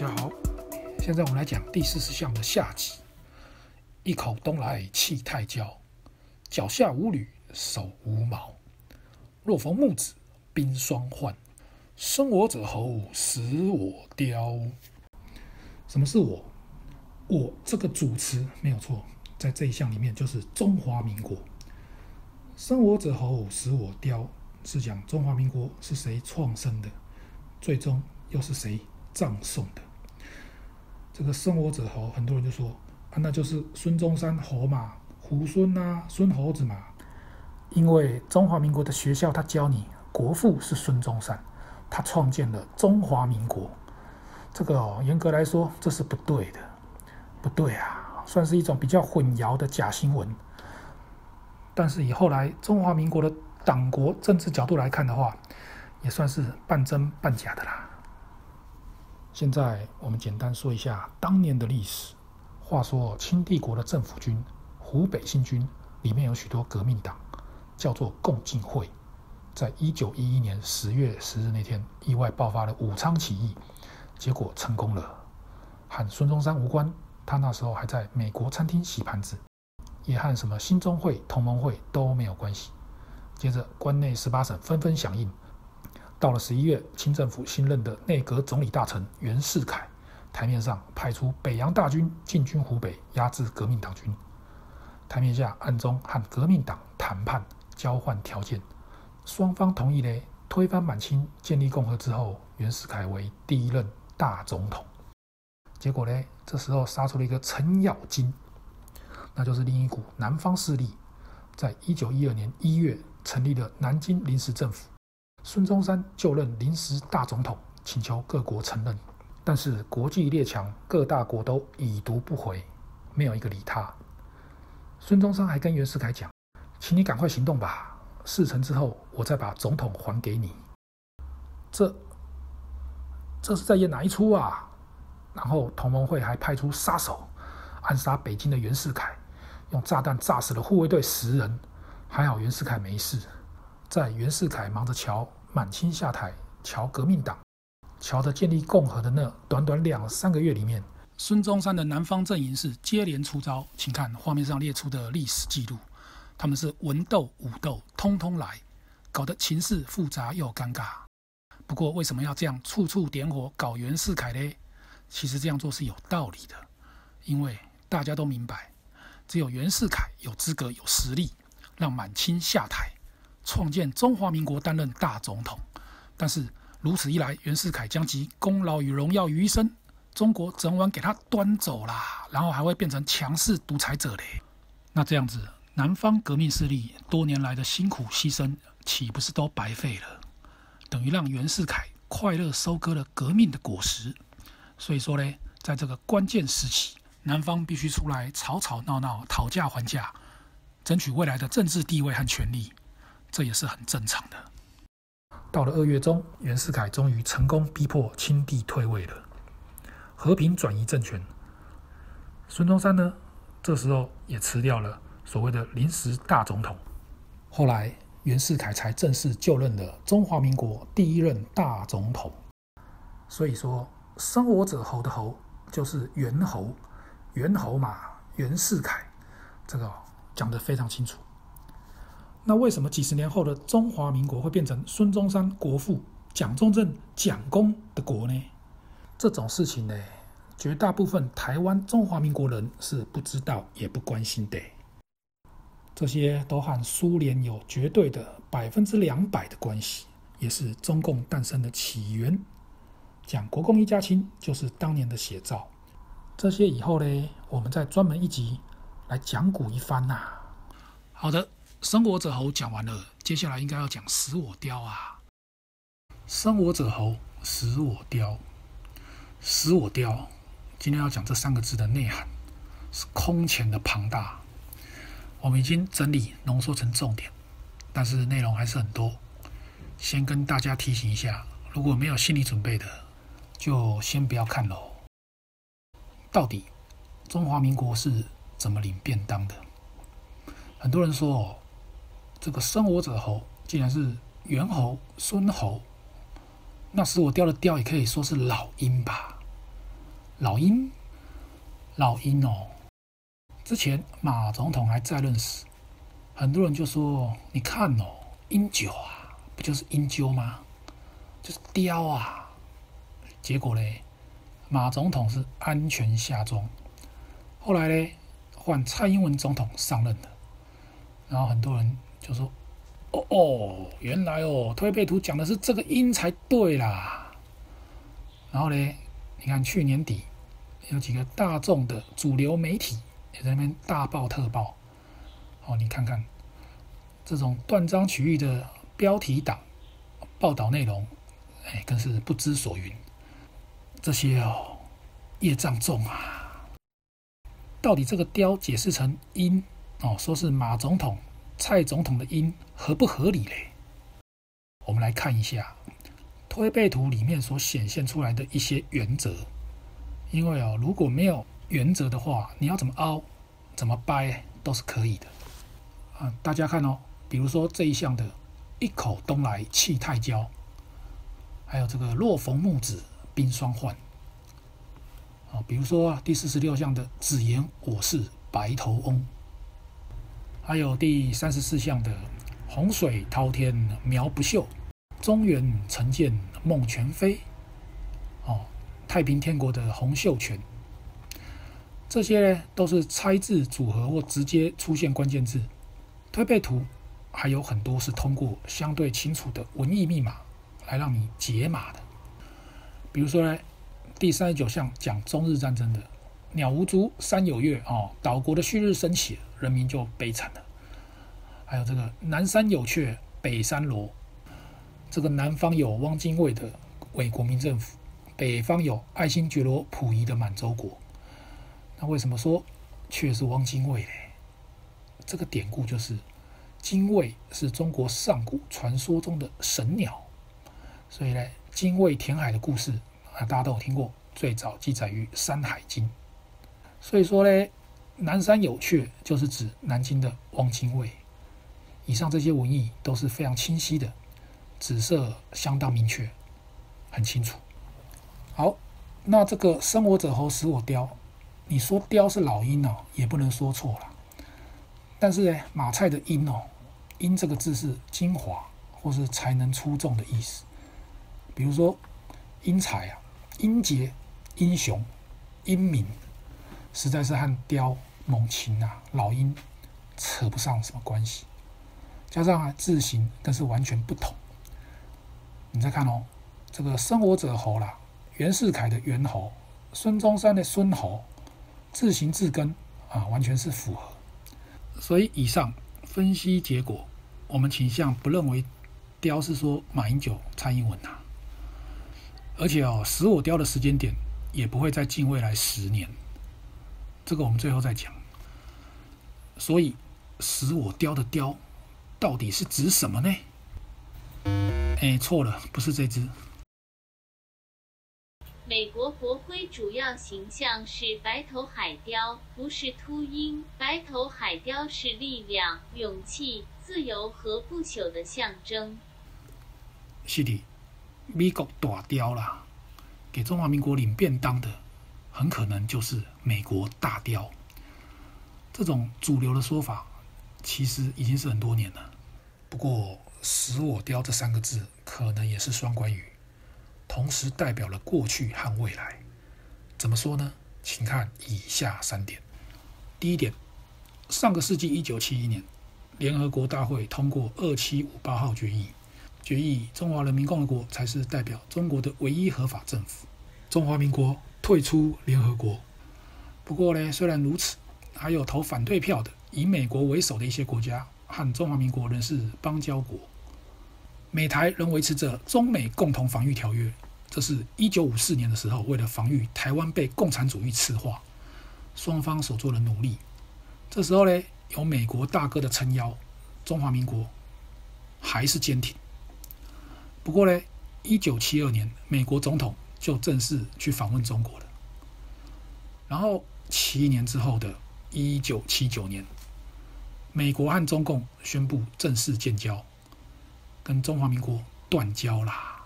大家好，現在我們來講第四十象的下集。一口東來氣太驕，腳下無履手無毛。若逢木子冰霜患，生我者猴，死我雕。什麼是我？我這個主詞沒有錯，在這一象裡面就是中華民國。生我者猴，死我雕，是講中華民國是誰創生的，最終又是誰葬送的？這個生我者猴，很多人就說啊，那就是孫中山猴嘛，猢猻吶、啊，孫猴子嘛。因為中華民國的學校，他教你國父是孫中山，他創建了中華民國。這個、哦、嚴格來說，這是不對的，不對啊，算是一種比較混淆的假新聞。但是以後來中華民國的黨國政治角度來看的話，也算是半真半假的啦。現在我們簡單說一下當年的歷史。話說清帝國的政府軍湖北新軍裡面有許多革命黨，叫做共進會，在一九一一年十月十日那天意外爆發了武昌起義，結果成功了，和孫中山無關，他那時候還在美國餐廳洗盤子，也和什麼興中會、同盟會都沒有關係。接着關內十八省紛紛響應。到了十一月，清政府新任的內閣總理大臣袁世凱，台面上派出北洋大軍進軍湖北，壓制革命黨軍；台面下暗中和革命黨談判，交換條件。雙方同意呢，推翻滿清，建立共和之後，袁世凱為第一任大總統。結果呢，這時候殺出了一個程咬金，那就是另一股南方勢力，在一九一二年一月成立了南京臨時政府。孫中山就任臨時大總統，請求各國承認，但是國際列強各大國都已讀不回，沒有一個理他。孫中山還跟袁世凱講：“請你趕快行動吧，事成之後我再把總統還給你。”這這這是在演哪一出啊？然後同盟會還派出殺手暗殺北京的袁世凱，用炸彈炸死了護衛隊十人，還好袁世凱沒事。在袁世凱忙着瞧。滿清下台，喬革命黨，喬的建立共和的那短短兩三個月裡面，孫中山的南方陣營是接連出招，請看畫面上列出的歷史記錄，他們是文鬥武鬥通通來，搞得情勢複雜又尷尬。不過為什麼要這樣處處點火搞袁世凱呢？其實這樣做是有道理的，因為大家都明白，只有袁世凱有資格有實力讓滿清下台。創建中華民國，擔任大總統。但是如此一來，袁世凱將其功勞與榮耀於一身，中國整碗給他端走啦，然後還會變成強勢獨裁者嘞。那這樣子，南方革命勢力多年來的辛苦犧牲，豈不是都白費了？等於讓袁世凱快樂收割了革命的果實。所以說呢，在這個關鍵時期，南方必須出來吵吵鬧鬧，討價還價，爭取未來的政治地位和權利。這也是很正常的。到了二月中，袁世凱終於成功逼迫清帝退位了，和平轉移政權。孫中山呢，這時候也辭掉了所謂的臨時大總統。後來袁世凱才正式就任了中華民國第一任大總統。所以說，“生我者猴”的“猴”就是袁猴，袁猴嘛，袁世凱，這個講得非常清楚。那為什麼幾十年後的中華民國會變成孫中山、國父、蔣中正、蔣公的國呢？這種事情呢，絕大部分台灣中華民國人是不知道也不關心的。這些都和蘇聯有絕對的百分之兩百的關係，也是中共誕生的起源。講國共一家親就是當年的寫照。這些以後呢，我們再專門一集來講古一番吶、啊。好的。生我者猴，講完了，接下來應該要講死我雕啊！生我者猴，死我雕，死我雕。今天要講這三個字的內涵，是空前的龐大。我們已經整理濃縮成重點，但是內容還是很多。先跟大家提醒一下，如果沒有心理準備的，就先不要看嘍。到底中華民國是怎麼領便當的？很多人說哦。這個生我者猴，竟然是猿猴、孫猴。那時我雕的雕，也可以說是老鷹吧，老鷹，老鷹哦。之前馬總統還在任時，很多人就說：“你看哦，鷹九啊，不就是鷹鳩嗎？就是雕啊。”結果嘞，馬總統是安全下莊，後來嘞換蔡英文總統上任的，然後很多人。就說：“哦哦，原來哦，推背圖講的是這個‘音’才對啦。”然後呢，你看去年底有幾個大眾的主流媒體也在那邊大報特報，哦，你看看這種斷章取義的標題黨報道內容，哎，更是不知所云。這些哦，業障重啊！到底這個‘雕’解釋成‘因’哦，說是馬總統。蔡總統的音合不合理嘞？我們來看一下推背圖裡面所顯現出來的一些原則，因為哦，如果沒有原則的話，你要怎麼凹、怎麼掰都是可以的啊！大家看哦，比如說這一項的“一口東來氣太驕”，還有這個“若逢木子冰霜換”啊，比如說啊，第四十六項的“只言我是白頭翁”。還有第三十四象的“洪水滔天苗不秀，中原曾見夢全非”，哦，太平天國的洪秀全，這些呢都是拆字組合或直接出現關鍵字。推背圖還有很多是通過相對清楚的文藝密碼來讓你解碼的，比如說呢，第三十九象講中日戰爭的。鳥無足，山有月。哦，島國的旭日升起，人民就悲慘了。還有這個南山有雀，北山羅。這個南方有汪精衛的偽國民政府，北方有愛新覺羅溥儀的滿洲國。那為什麼說雀是汪精衛呢？這個典故就是精衛是中國上古傳說中的神鳥，所以呢，精衛填海的故事啊，大家都有聽過，最早記載於《山海經》。所以說呢，南山有雀就是指南京的汪精衛。以上這些文意都是非常清晰的，指涉相當明確，很清楚。好，那這個生我者猴，死我雕，你說雕是老鷹哦，也不能說錯了。但是呢，馬菜的英哦，英這個字是精華或是才能出眾的意思，比如說英才啊、英傑、英雄、英明。實在是和雕猛禽啊、老鷹扯不上什麼關係，加上字形更是完全不同。你再看哦，這個生我者猴啦，袁世凱的袁猴，孫中山的孫猴，字形字根啊，完全是符合。所以以上分析結果，我們傾向不認為雕是說馬英九、蔡英文吶、啊。而且哦，死我雕的時間點也不會再近未來十年。這個我們最後再講。所以，死我雕的雕，到底是指什麼呢？哎，錯了，不是這隻。美國國徽主要形象是白頭海雕，不是禿鷹。白頭海雕是力量、勇氣、自由和不朽的象徵。是的，美國大雕啦，給中華民國領便當的。很可能就是美國大鵰。這種主流的說法其實已經是很多年了。不過“死我鵰”這三個字可能也是雙關語，同時代表了過去和未來。怎麼說呢？請看以下三點。第一點，上個世紀一九七一年，聯合國大會通過二七五八號決議，決議中華人民共和國才是代表中國的唯一合法政府，中華民國退出聯合國。不過呢，雖然如此，還有投反對票的，以美國為首的一些國家和中華民國仍是邦交國。美台仍維持着中美共同防禦條約，這是一九五四年的時候，為了防禦台灣被共產主義赤化，雙方所做的努力。這時候呢，有美國大哥的撐腰，中華民國還是堅挺。不過呢，一九七二年美國總統。就正式去訪問中國了。然後七年之後的1979年，美國和中共宣布正式建交，跟中華民國斷交啦。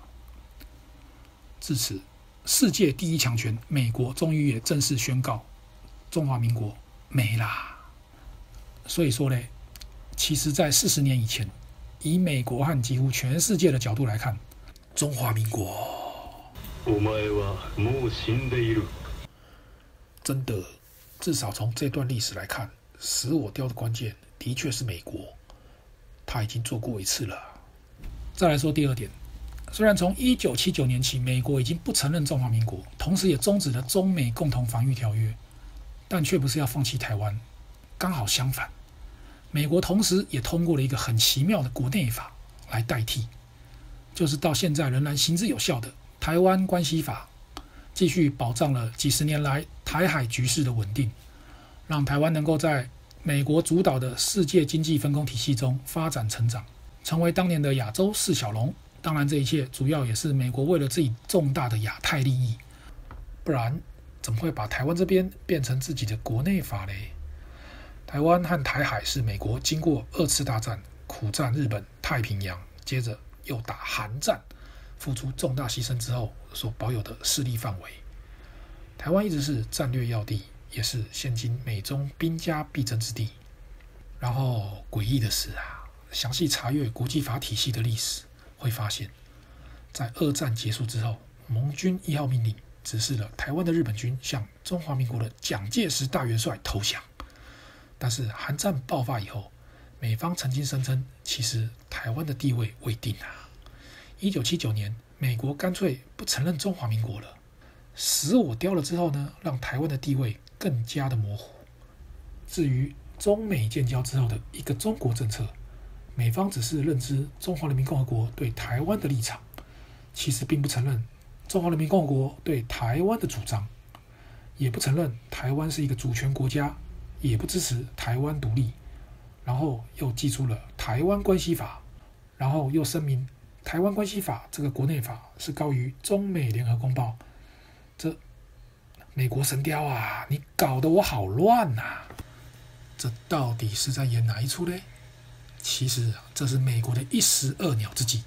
至此，世界第一強權美國終於也正式宣告中華民國沒啦。所以說呢，其實，在四十年以前，以美國和幾乎全世界的角度來看，中華民國。們真的，至少從這段歷史來看，死我雕的關鍵的確是美國，他已經做過一次了。再來說第二點，雖然從一九七九年起，美國已經不承認中華民國，同時也終止了中美共同防禦條約，但卻不是要放棄台灣。剛好相反，美國同時也通過了一個很奇妙的國內法來代替，就是到現在仍然行之有效的，台灣關係法繼續保障了幾十年來台海局勢的穩定，讓台灣能夠在美國主導的世界經濟分工體系中發展成長，成為當年的亞洲四小龍。當然，這一切主要也是美國為了自己重大的亞太利益，不然怎麼會把台灣這邊變成自己的國內法嘞？台灣和台海是美國經過二次大戰苦戰日本太平洋，接着又打韓戰。付出重大犧牲之後所保有的勢力範圍，台灣一直是戰略要地，也是現今美中兵家必爭之地。然後詭異的是啊，詳細查閱國際法體系的歷史，會發現，在二戰結束之後，盟軍一號命令指示了台灣的日本軍向中華民國的蔣介石大元帥投降。但是，韓戰爆發以後，美方曾經聲稱，其實台灣的地位未定啊。一九七九年，美國乾脆不承認中華民國了，死我雕了之後呢，讓台灣的地位更加的模糊。至於中美建交之後的一個中國政策，美方只是認知中華人民共和國對台灣的立場，其實並不承認中華人民共和國對台灣的主張，也不承認台灣是一個主權國家，也不支持台灣獨立。然後又祭出了《台灣關係法》，然後又聲明。台灣關係法這個國內法是高於中美聯合公報，這美國神雕啊，你搞得我好亂吶、啊！這到底是在演哪一出嘞？其實這是美國的一石二鳥之計。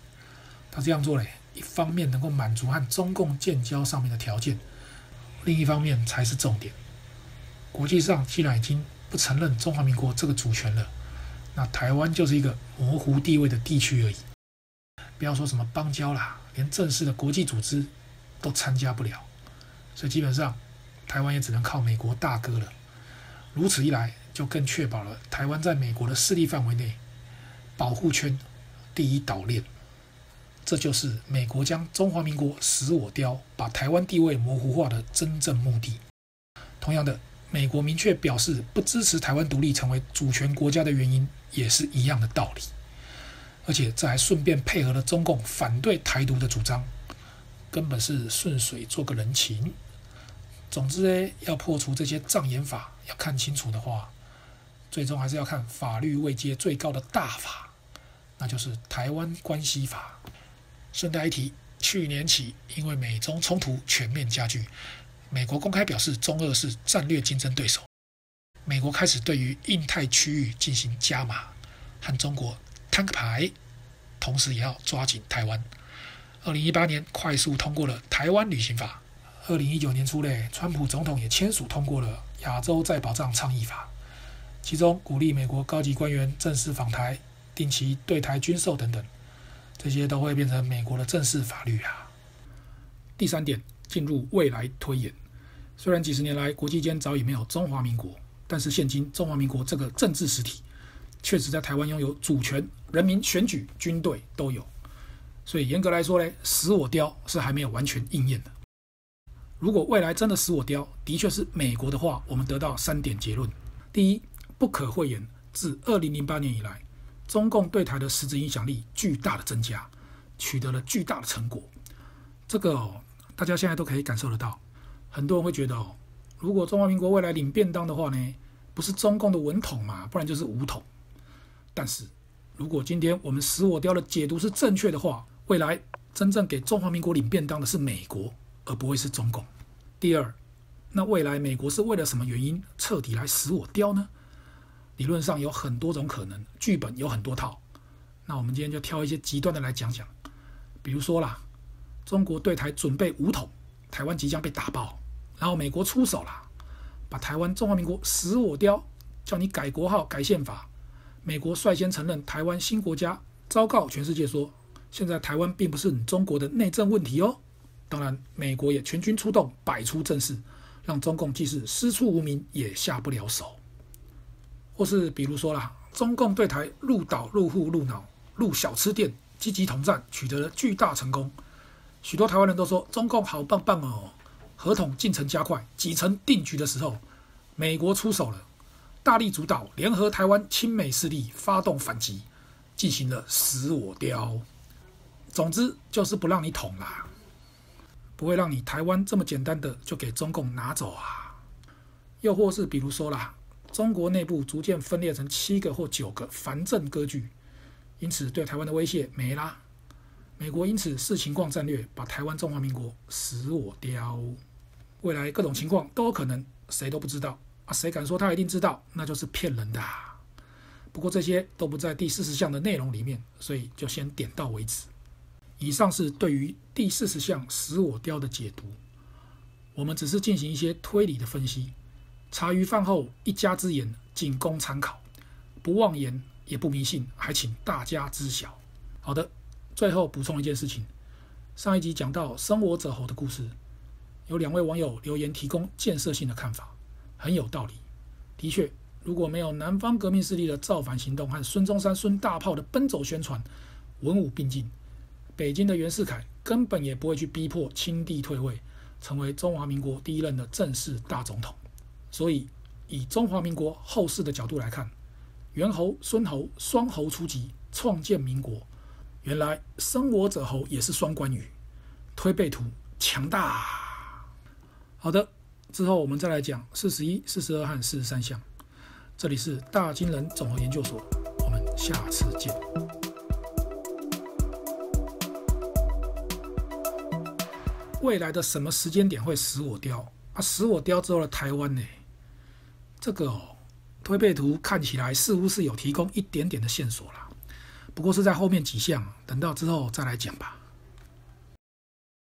他這樣做嘞，一方面能夠滿足和中共建交上面的條件，另一方面才是重點。國際上既然已經不承認中華民國這個主權了，那台灣就是一個模糊地位的地區而已。不要說什麼邦交啦，連正式的國際組織都參加不了，所以基本上台灣也只能靠美國大哥了。如此一來，就更確保了台灣在美國的勢力範圍內保護圈第一島鏈。這就是美國將中華民國死我雕，把台灣地位模糊化的真正目的。同樣的，美國明確表示不支持台灣獨立成為主權國家的原因，也是一樣的道理。而且這還順便配合了中共反對台獨的主張，根本是順水做個人情。總之呢，要破除這些障眼法，要看清楚的話，最終還是要看法律位階最高的大法，那就是《台灣關係法》。順帶一提，去年起，因為美中衝突全面加劇，美國公開表示中俄是戰略競爭對手。美國開始對於印太區域進行加碼和中國。攤個牌，同時也要抓緊台灣。二零一八年快速通過了《台灣旅行法》，二零一九年初嘞，川普總統也簽署通過了《亞洲再保障倡議法》，其中鼓勵美國高級官員正式訪台、定期對台軍售等等，這些都會變成美國的正式法律啊。第三點，進入未來推演。雖然幾十年來國際間早已沒有中華民國，但是現今中華民國這個政治實體。確實在台灣擁有主權、人民選舉、軍隊都有，所以嚴格來說呢，死我雕是還沒有完全應驗的。如果未來真的死我雕，的確是美國的話，我們得到三點結論：第一，不可諱言，自二零零八年以來，中共對台的實質影響力巨大的增加，取得了巨大的成果。這個、哦、大家現在都可以感受得到。很多人會覺得哦，如果中華民國未來領便當的話呢，不是中共的文統嘛，不然就是武統。但是，如果今天我們“死我雕”的解讀是正確的話，未來真正給中華民國領便當的是美國，而不會是中共。第二，那未來美國是為了什麼原因徹底來“死我雕”呢？理論上有很多種可能，劇本有很多套。那我們今天就挑一些極端的來講講。比如說啦，中國對台準備武統，台灣即將被打爆，然後美國出手啦，把台灣中華民國“死我雕”，叫你改國號、改憲法。美國率先承認台灣新國家，昭告全世界說，現在台灣並不是你中國的內政問題哦。當然，美國也全軍出動，擺出陣勢，讓中共即使師出無名也下不了手。或是比如說啦，中共對台入島、入戶、入腦、入小吃店，積極統戰，取得了巨大成功。許多台灣人都說，中共好棒棒哦。和統進程加快，幾成定局的時候，美國出手了。大力主導聯合台灣親美勢力發動反擊，進行了死我雕。總之就是不讓你統啦，不會讓你台灣這麼簡單的就給中共拿走啊。又或是比如說啦，中國內部逐漸分裂成七個或九個藩鎮割據，因此對台灣的威脅沒啦。美國因此視情況戰略，把台灣中華民國死我雕。未來各種情況都有可能，誰都不知道。啊，誰敢說他一定知道？那就是騙人的啊。不過這些都不在第四十象的內容裡面，所以就先點到為止。以上是對於第四十象“死我雕”的解讀，我們只是進行一些推理的分析，茶餘飯後一家之言，僅供參考，不妄言也不迷信，還請大家知曉。好的，最後補充一件事情：上一集講到“生我者猴”的故事，有兩位網友留言提供建設性的看法。很有道理，的確，如果沒有南方革命勢力的造反行動和孫中山、孫大炮的奔走宣傳，文武並進，北京的袁世凱根本也不會去逼迫清帝退位，成為中華民國第一任的正式大總統。所以，以中華民國後世的角度來看，袁猴、孫猴雙猴出擊，創建民國。原來生我者猴也是雙關語，推背圖強大。好的。之後我們再來講四十一、四十二和四十三項。這裡是大金人總和研究所，我們下次見。未來的什麼時間點會死我雕啊？死我雕之後的台灣呢？這個哦，推背圖看起來似乎是有提供一點點的線索啦，不過是在後面幾項，等到之後再來講吧。